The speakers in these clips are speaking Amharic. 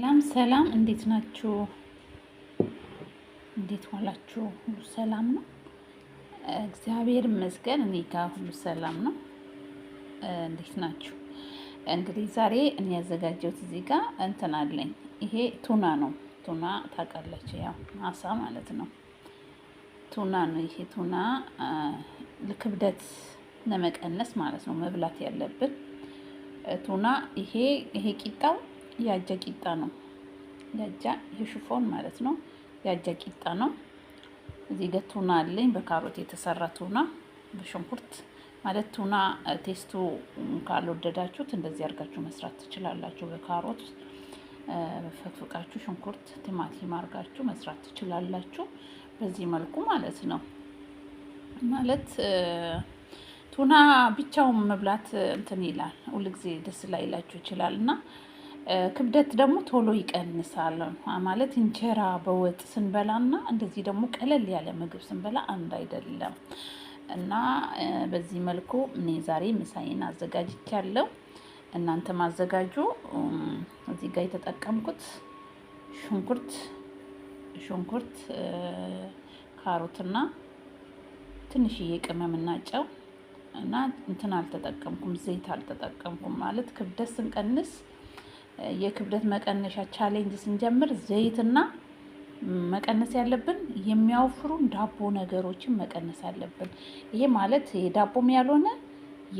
ሰላም ሰላም፣ እንዴት ናችሁ? እንዴት ዋላችሁ? ሁሉ ሰላም ነው? እግዚአብሔር ይመስገን፣ እኔ ጋር ሁሉ ሰላም ነው። እንዴት ናችሁ? እንግዲህ ዛሬ እኔ ያዘጋጀሁት እዚህ ጋር እንትን አለኝ። ይሄ ቱና ነው። ቱና ታውቃለች ያው አሳ ማለት ነው። ቱና ነው ይሄ ቱና። ለክብደት ለመቀነስ ማለት ነው መብላት ያለብን ቱና። ይሄ ይሄ ቂጣው ያጃ ቂጣ ነው። ያጃ የሽፎን ማለት ነው። ያጃ ቂጣ ነው። እዚህ ጋር ቱና አለኝ በካሮት የተሰራ ቱና በሽንኩርት ማለት ቱና ቴስቱ ካልወደዳችሁት እንደዚህ አድርጋችሁ መስራት ትችላላችሁ። በካሮት ፈቅፍቃችሁ ሽንኩርት፣ ቲማቲም አድርጋችሁ መስራት ትችላላችሁ። በዚህ መልኩ ማለት ነው። ማለት ቱና ብቻውን መብላት እንትን ይላል፣ ሁልጊዜ ደስ ላይላችሁ ይችላል እና ክብደት ደግሞ ቶሎ ይቀንሳል ማለት እንጀራ በወጥ ስንበላና እንደዚህ ደግሞ ቀለል ያለ ምግብ ስንበላ አንድ አይደለም እና በዚህ መልኩ እኔ ዛሬ ምሳዬን አዘጋጅቻለሁ። እናንተ ማዘጋጁ። እዚህ ጋር የተጠቀምኩት ሽንኩርት ሽንኩርት፣ ካሮትና ትንሽዬ ቅመምና ጨው እና እንትን አልተጠቀምኩም፣ ዘይት አልተጠቀምኩም። ማለት ክብደት ስንቀንስ የክብደት መቀነሻ ቻሌንጅ ስንጀምር ዘይትና መቀነስ ያለብን የሚያወፍሩን ዳቦ ነገሮችን መቀነስ አለብን። ይሄ ማለት የዳቦም ያልሆነ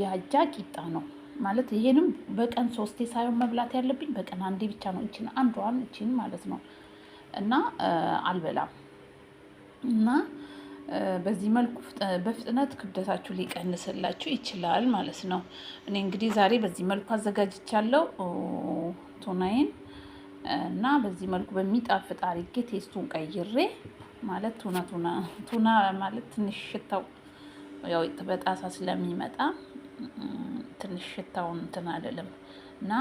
የአጃ ቂጣ ነው ማለት ይሄንም በቀን ሶስቴ ሳይሆን መብላት ያለብኝ በቀን አንዴ ብቻ ነው። እችን አንዷን እችን ማለት ነው እና አልበላም እና በዚህ መልኩ በፍጥነት ክብደታችሁ ሊቀንስላችሁ ይችላል ማለት ነው። እኔ እንግዲህ ዛሬ በዚህ መልኩ አዘጋጅቻለሁ። ቱናዬን እና በዚህ መልኩ በሚጣፍጥ አድርጌ ቴስቱን ቀይሬ ማለት ቱና ቱና ቱና ማለት ትንሽ ሽታው ያው በጣሳ ስለሚመጣ ትንሽ ሽታውን እንትን አይደለም እና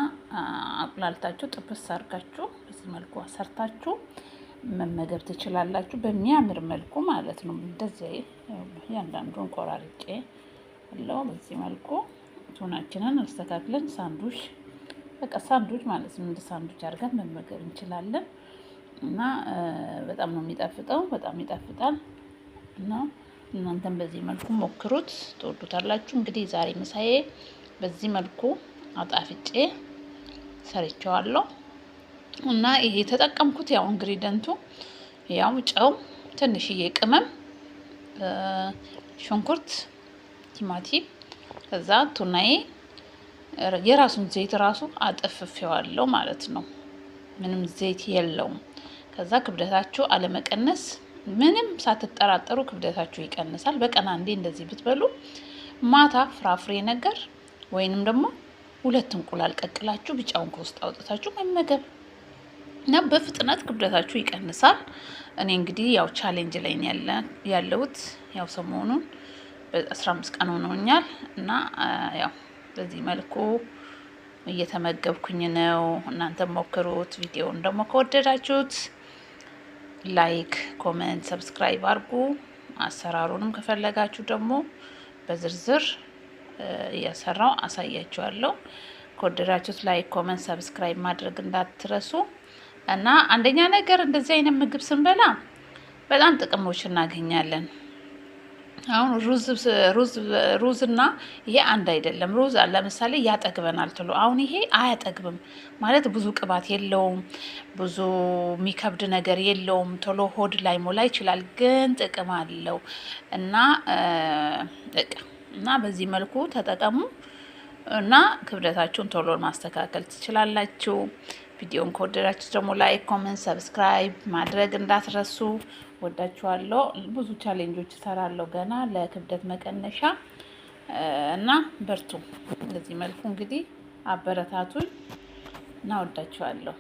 አቁላልታችሁ ጥብስ አድርጋችሁ በዚህ መልኩ አሰርታችሁ መመገብ ትችላላችሁ። በሚያምር መልኩ ማለት ነው። እንደዚህ እያንዳንዱን ቆራርጬ አለው። በዚህ መልኩ ቱናችንን አስተካክለን ሳንዱሽ በቃ ሳንዱች ማለት ነው። እንደ ሳንዱች አድርገን መመገብ እንችላለን እና በጣም ነው የሚጣፍጠው፣ በጣም ይጣፍጣል እና እናንተም በዚህ መልኩ ሞክሩት፣ ትወዱታላችሁ። እንግዲህ ዛሬ ምሳዬ በዚህ መልኩ አጣፍጬ ሰርቸዋለሁ። እና ይሄ የተጠቀምኩት ያው እንግሪደንቱ ያው ጨው፣ ትንሽዬ ቅመም፣ ሽንኩርት፣ ቲማቲም ከዛ ቱናዬ የራሱን ዘይት ራሱ አጠፍፌዋለሁ ማለት ነው። ምንም ዘይት የለውም። ከዛ ክብደታችሁ አለመቀነስ ምንም ሳትጠራጠሩ ክብደታችሁ ይቀንሳል። በቀን አንዴ እንደዚህ ብትበሉ ማታ ፍራፍሬ ነገር ወይንም ደግሞ ሁለት እንቁላል ቀቅላችሁ ቢጫውን ከውስጥ አውጥታችሁ መመገብ እና በፍጥነት ክብደታችሁ ይቀንሳል። እኔ እንግዲህ ያው ቻሌንጅ ላይ ያለሁት ያው ሰሞኑን በ15 ቀን ሆኖኛል እና ያው በዚህ መልኩ እየተመገብኩኝ ነው። እናንተ ሞክሩት። ቪዲዮውን ደግሞ ከወደዳችሁት ላይክ፣ ኮመንት፣ ሰብስክራይብ አድርጉ። አሰራሩንም ከፈለጋችሁ ደግሞ በዝርዝር እያሰራው አሳያችኋለሁ። ከወደዳችሁት ላይክ፣ ኮመንት፣ ሰብስክራይብ ማድረግ እንዳትረሱ እና አንደኛ ነገር እንደዚህ አይነት ምግብ ስንበላ በጣም ጥቅሞች እናገኛለን። አሁን ሩዝ እና ይሄ አንድ አይደለም። ሩዝ ለምሳሌ ያጠግበናል ትሎ አሁን ይሄ አያጠግብም ማለት ብዙ ቅባት የለውም፣ ብዙ የሚከብድ ነገር የለውም። ቶሎ ሆድ ላይ ሞላ ይችላል፣ ግን ጥቅም አለው እና እና በዚህ መልኩ ተጠቀሙ እና ክብደታችሁን ቶሎ ማስተካከል ትችላላችሁ። ቪዲዮን ከወደዳችሁ ደግሞ ላይክ፣ ኮመንት፣ ሰብስክራይብ ማድረግ እንዳትረሱ። ወዳችኋለሁ። ብዙ ቻሌንጆች እሰራለሁ ገና ለክብደት መቀነሻ እና በርቱ። በዚህ መልኩ እንግዲህ አበረታቱኝ እና ወዳችኋለሁ።